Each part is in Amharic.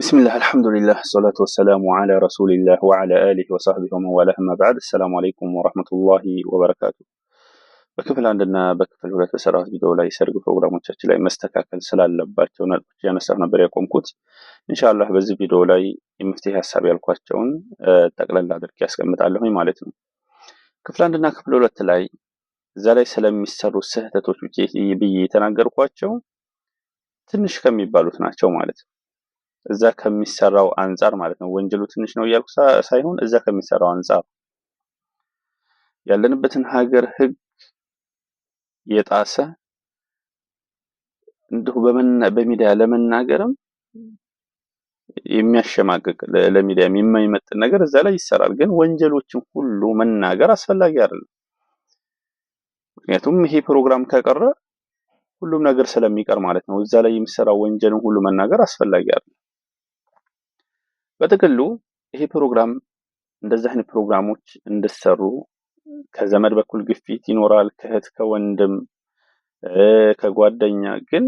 بسم الله الحمد لله الصلاة والسلام على رسول الله وعلى آله وصحبه ومن والاه أما بعد السلام عليكم ورحمة الله ወበረካቱ በክፍል አንድና በክፍል ሁለት በሰራት ቪዲዮ ላይ ሰርግ ፕሮግራሞቻችን ላይ መስተካከል ስላለባቸው ነጥቦች እያነሳሁ ነበር ያቆምኩት። ኢንሻላህ በዚህ ቪዲዮ ላይ የመፍትሄ ሀሳብ ያልኳቸውን ጠቅለል አድርጌ ያስቀምጣለሁኝ ማለት ነው። ክፍል አንድና ክፍል ሁለት ላይ እዛ ላይ ስለሚሰሩ ስህተቶች ብዬ የተናገርኳቸው ትንሽ ከሚባሉት ናቸው ማለት ነው። እዛ ከሚሰራው አንጻር ማለት ነው። ወንጀሉ ትንሽ ነው እያልኩ ሳይሆን እዛ ከሚሰራው አንጻር ያለንበትን ሀገር ሕግ የጣሰ እንዲሁ በሚዲያ ለመናገርም የሚያሸማቅቅ ለሚዲያ የማይመጥን ነገር እዛ ላይ ይሰራል። ግን ወንጀሎችን ሁሉ መናገር አስፈላጊ አይደለም። ምክንያቱም ይሄ ፕሮግራም ከቀረ ሁሉም ነገር ስለሚቀር ማለት ነው። እዛ ላይ የሚሰራ ወንጀልን ሁሉ መናገር አስፈላጊ አይደለም። በጥቅሉ ይሄ ፕሮግራም እንደዚህ አይነት ፕሮግራሞች እንድሰሩ ከዘመድ በኩል ግፊት ይኖራል፣ ከእህት ከወንድም ከጓደኛ። ግን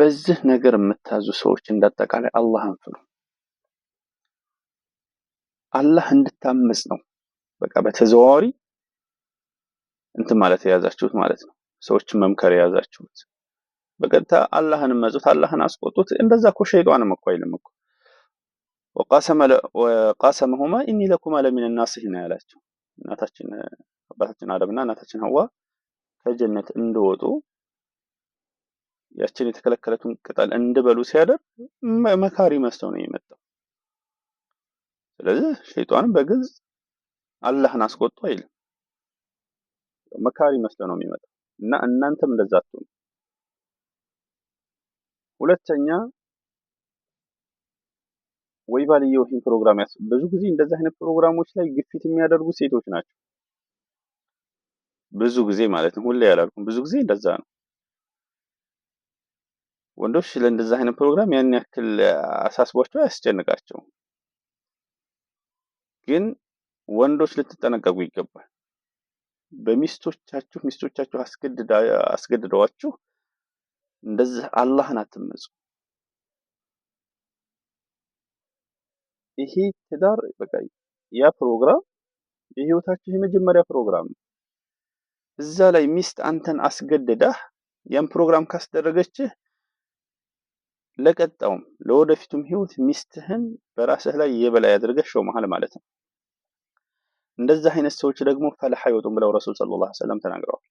በዚህ ነገር የምታዙ ሰዎች እንዳጠቃላይ አላህን ፍሩ። አላህ እንድታመጽ ነው። በቃ በተዘዋዋሪ እንትን ማለት የያዛችሁት ማለት ነው። ሰዎችን መምከር የያዛችሁት በቀጥታ አላህን መጹት፣ አላህን አስቆጡት። እንደዛ እኮ ሸይጧንም እኮ አይልም እኮ ወቃሰመሁማ ኢኒ ለኩማ ለሚን ናሲሒን ያላቸው እናታችን አባታችን አደምና እናታችን ሀዋ ከጀነት እንደወጡ ያችን የተከለከለቱን ቅጠል እንድበሉ ሲያደርግ መካሪ መስለው ነው የመጣው። ስለዚህ ሸይጣንም በግልጽ አላህን አስቆጡ አይልም። መካሪ መስለው ነው የሚመጣው እና እናንተም እንደዛ አትሆኑ። ሁለተኛ ወይ ባልየው ፕሮግራም ያስ ብዙ ጊዜ እንደዚህ አይነት ፕሮግራሞች ላይ ግፊት የሚያደርጉ ሴቶች ናቸው። ብዙ ጊዜ ማለት ነው፣ ሁሌ ያላልኩም፣ ብዙ ጊዜ እንደዛ ነው። ወንዶች ለእንደዚህ አይነት ፕሮግራም ያን ያክል አሳስቧቸው አያስጨንቃቸውም። ግን ወንዶች ልትጠነቀቁ ይገባል። በሚስቶቻችሁ ሚስቶቻችሁ አስገድደዋችሁ እንደዚህ አላህን አትመጹ። ይሄ ትዳር በቃ ያ ፕሮግራም የህይወታችሁ የመጀመሪያ ፕሮግራም ነው። እዛ ላይ ሚስት አንተን አስገድዳህ ያን ፕሮግራም ካስደረገችህ ለቀጣውም ለወደፊቱም ህይወት ሚስትህን በራስህ ላይ የበላይ አድርገህ ሾመሃል ማለት ነው። እንደዚህ አይነት ሰዎች ደግሞ ፈላህ አይወጡም ብለው ረሱል ሰለላሁ ዐለይሂ ወሰለም ተናግረዋል።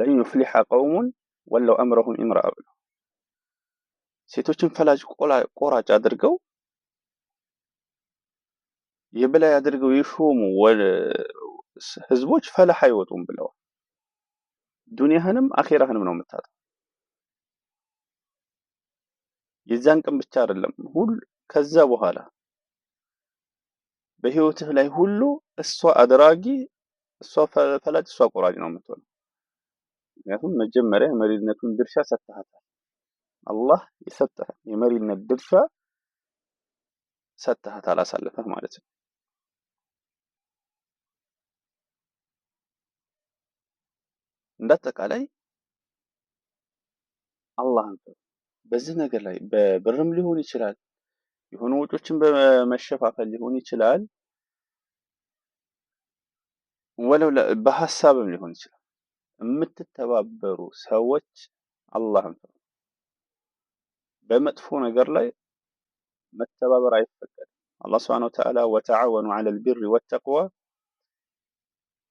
ለን ዩፍሊሐ ቀውሙን ወለው አምረሁም ኢምራአ ብለው ሴቶችን ፈላጭ ቆራጭ አድርገው የበላይ አድርገው የሾሙ ህዝቦች ፈላህ አይወጡም ብለዋል። ዱንያህንም አኼራህንም ነው የምታጠው። የዛን ቀን ብቻ አይደለም ሁል ከዛ በኋላ በህይወትህ ላይ ሁሉ እሷ አድራጊ፣ እሷ ፈላጭ፣ እሷ ቆራጭ ነው የምትሆነው። ምክንያቱም መጀመሪያ የመሪነቱን ድርሻ ሰጥተሃታል። አላህ የሰጠህ የመሪነት ድርሻ ሰጥተሃታል፣ አሳልፈህ ማለት ነው። እንዳጠቃላይ አላህን ፍሩ። በዚህ ነገር ላይ በብርም ሊሆን ይችላል፣ የሆኑ ወጪዎችን በመሸፋፈል ሊሆን ይችላል፣ ወለው በሀሳብም ሊሆን ይችላል። የምትተባበሩ ሰዎች አላህን ፍሩ። በመጥፎ ነገር ላይ መተባበር አይፈቀድም። አላህ ስብሐነሁ ወተዓላ ወተዓወኑ ዐለል ቢሪ ወተቅዋ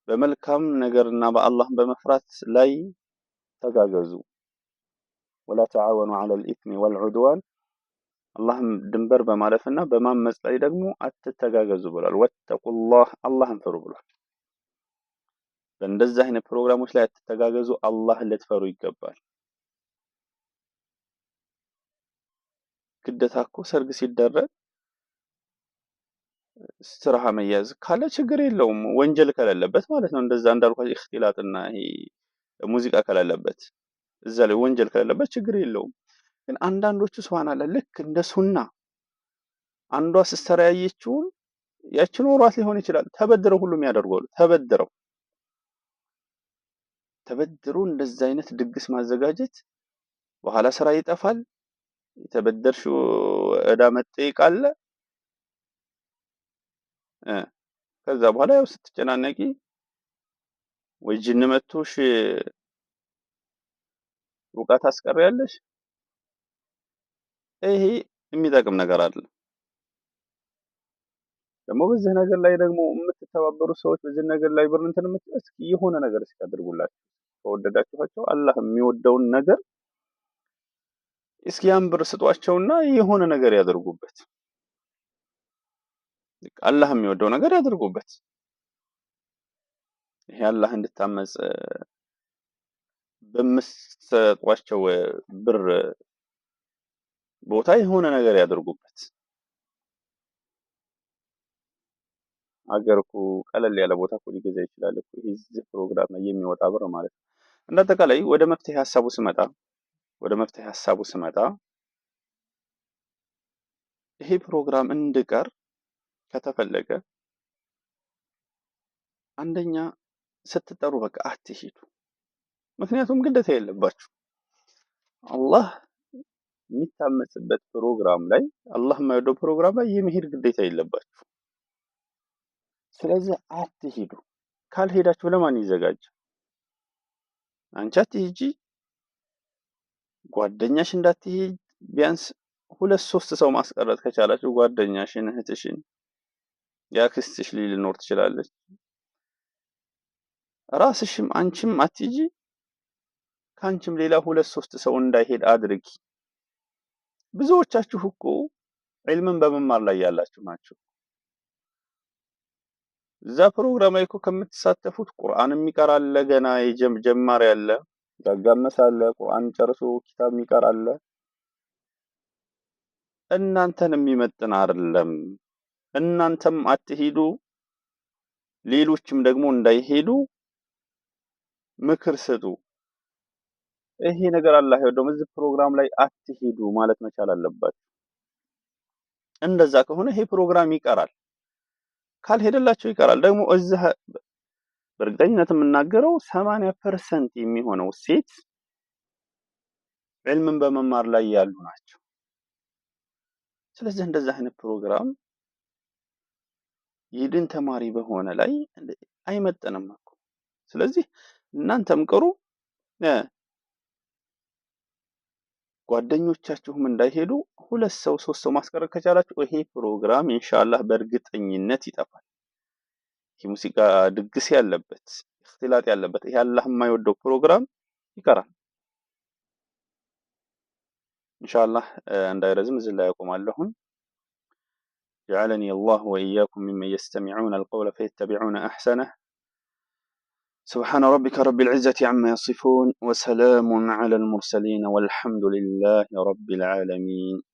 በመልካም ነገርና በአላህን በመፍራት ላይ ተጋገዙ። ወላ ተዓወኑ ዐለል ወል ወልዑድዋን አላህም ድንበር በማለፍና በማመጽ ላይ ደግሞ አትተጋገዙ ብሏል። ወተቁላህ አላህን ፍሩ ብሏል። በእንደዚህ አይነት ፕሮግራሞች ላይ አትተጋገዙ፣ አላህ ልትፈሩ ይገባል። ግደታ እኮ ሰርግ ሲደረግ ስራሃ መያዝ ካለ ችግር የለውም። ወንጀል ከሌለበት ማለት ነው። እንደዛ እንዳልኳቸው እክትላጥና ይሄ ሙዚቃ ከሌለበት እዛ ላይ ወንጀል ከሌለበት ችግር የለውም። ግን አንዳንዶቹ ስዋን አለ ልክ እንደ ሱና አንዷ ስስተራ ያየችውን ያችን ወሯት ሊሆን ይችላል ተበድረው ሁሉም ያደርጋሉ። ተበድረው ተበድሮ እንደዚህ አይነት ድግስ ማዘጋጀት በኋላ ስራ ይጠፋል። የተበደርሽው እዳ መጠይቅ አለ። ከዛ በኋላ ያው ስትጨናነቂ ወይ ጅን መቶሽ አስቀር ያለሽ ይሄ የሚጠቅም ነገር አይደለም። ደግሞ በዚህ ነገር ላይ ደግሞ የምትተባበሩ ሰዎች በዚህ ነገር ላይ ብር እንትን እስኪ የሆነ ነገር እስኪ አድርጉላችሁ ከወደዳችኋቸው አላህ የሚወደውን ነገር እስኪ ያን ብር ስጧቸውና የሆነ ነገር ያደርጉበት። አላህ የሚወደው ነገር ያድርጉበት። ይሄ አላህ እንድታመጽ በምትሰጧቸው ብር ቦታ የሆነ ነገር ያድርጉበት። አገር እኮ ቀለል ያለ ቦታ እኮ ሊገዛ ይችላል እኮ የዚህ ፕሮግራም ላይ የሚወጣ ብር ማለት ነው። እንደ አጠቃላይ ወደ መፍትሄ ሀሳቡ ስመጣ ወደ መፍትሄ ሀሳቡ ስመጣ ይሄ ፕሮግራም እንድቀር ከተፈለገ አንደኛ ስትጠሩ በቃ አትሂዱ። ምክንያቱም ግዴታ የለባችሁ። አላህ የሚታመጽበት ፕሮግራም ላይ አላህ የማይወደው ፕሮግራም ላይ የመሄድ ግዴታ የለባችሁ። ስለዚህ አትሂዱ። ካልሄዳችሁ ለማን ይዘጋጅ? አንቺ አትሂጂ፣ ጓደኛሽ እንዳትሄድ ቢያንስ ሁለት ሶስት ሰው ማስቀረት ከቻላችሁ ጓደኛሽን፣ እህትሽን የአክስትሽ ልጅ ልኖር ትችላለች። ራስሽም አንቺም አትጂ፣ ከአንቺም ሌላ ሁለት ሶስት ሰው እንዳይሄድ አድርጊ። ብዙዎቻችሁ እኮ ዕልምን በመማር ላይ ያላችሁ ናችሁ። እዛ ፕሮግራም ላይ እኮ ከምትሳተፉት ቁርአን የሚቀር አለ፣ ገና የጀማሪ አለ፣ ያጋመሰ አለ፣ ቁርአን ጨርሶ ኪታብ የሚቀር አለ። እናንተን የሚመጥን አይደለም። እናንተም አትሄዱ፣ ሌሎችም ደግሞ እንዳይሄዱ ምክር ስጡ። ይሄ ነገር አላህ ይወደው፣ እዚህ ፕሮግራም ላይ አትሄዱ ማለት መቻል አለባችሁ። እንደዛ ከሆነ ይሄ ፕሮግራም ይቀራል። ካልሄደላቸው ይቀራል። ደግሞ እዚህ በእርግጠኝነት የምናገረው 80% የሚሆነው ሴት ዕልምን በመማር ላይ ያሉ ናቸው። ስለዚህ እንደዚህ አይነት ፕሮግራም የድን ተማሪ በሆነ ላይ አይመጠንም እኮ። ስለዚህ እናንተም ቅሩ ጓደኞቻችሁም እንዳይሄዱ ሁለት ሰው ሶስት ሰው ማስቀረት ከቻላችሁ ይሄ ፕሮግራም ኢንሻአላህ በእርግጠኝነት ይጠፋል። የሙዚቃ ድግስ ያለበት እክትላጥ ያለበት ይሄ አላህ የማይወደው ፕሮግራም ይቀራል። ኢንሻአላህ እንዳይረዝም እዚህ ላይ አቆማለሁኝ። جعلني الله وإياكم ممن يستمعون القول فيتبعون أحسنه سبحان ربك رب العزة عما يصفون وسلام على المرسلين والحمد لله رب العالمين